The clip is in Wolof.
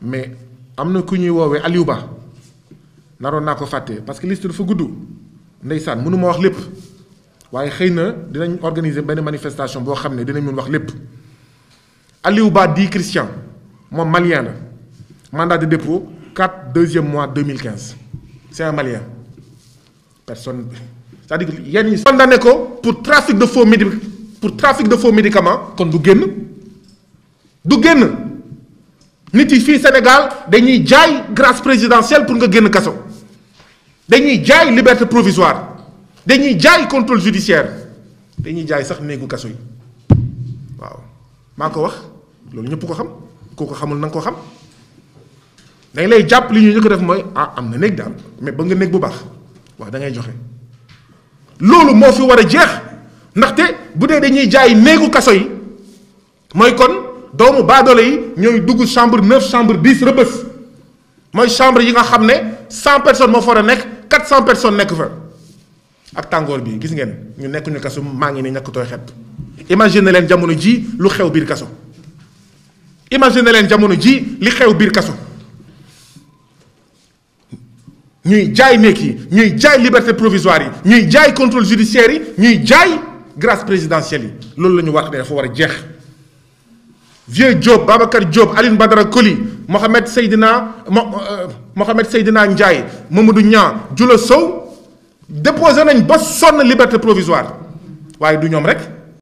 mais am na ku ñuy woowee Aliou naroon naa ko fàtte parce que liste dafa gudd ndeysaan mënu mënuma wax lépp waaye xëy na dinañ organiser benn manifestation boo xam ne dinañ mun wax lépp Aliou di Christian moom malien la mandat de dépôt 4 deuxième mois 2015 c'est un malien personne c'est-à-dire yéen ñi condamné ko pour trafic de faux médi pour trafic de faux médicament kon du génn du génn nit yi fii Sénégal dañuy jaay grâce présidentielle pour nga génn kaso dañuy jaay liberté provisoire dañuy jaay contrôle judiciaire dañuy jaay sax néegu kaso yi waaw maa ko wax loolu ñëpp ko xam koo ko xamul na ko xam dañ lay jàpp li ñu ñu ko def mooy ah am na néeg daal mais ba nga néeg bu baax waaw da ngay joxe loolu moo fi war a jeex ndaxte bu dee dañuy jaay néegu kaso yi mooy kon doomu baadoole yi ñooy dugg chambre neuf chambre dix rëbës mooy chambre yi nga xam ne cent personne moo fa war a nekk quatre cent personne nekk fa ak tàngoor bi gis ngeen ñu nekk ñu kaso maa ngi ni ñàkk tooy xet imagine leen jamono ji lu xew biir kaso imagine leen jamono ji li xew biir kaso ñuy jaay néeg yi ñuy jaay liberté provisoire yi ñuy jaay contrôle judiciaire yi ñuy jaay grâce présidentielle yi loolu la ñu wax ne dafa war a jeex Vieux Diop Babacar Diop Aline Badara Koli Mohamed Seydina euh, Mohamed Seydina Ndiaye Mamadou Niang Jula Sow déposé nañ ba sonn liberté provisoire waaye du ñoom rek.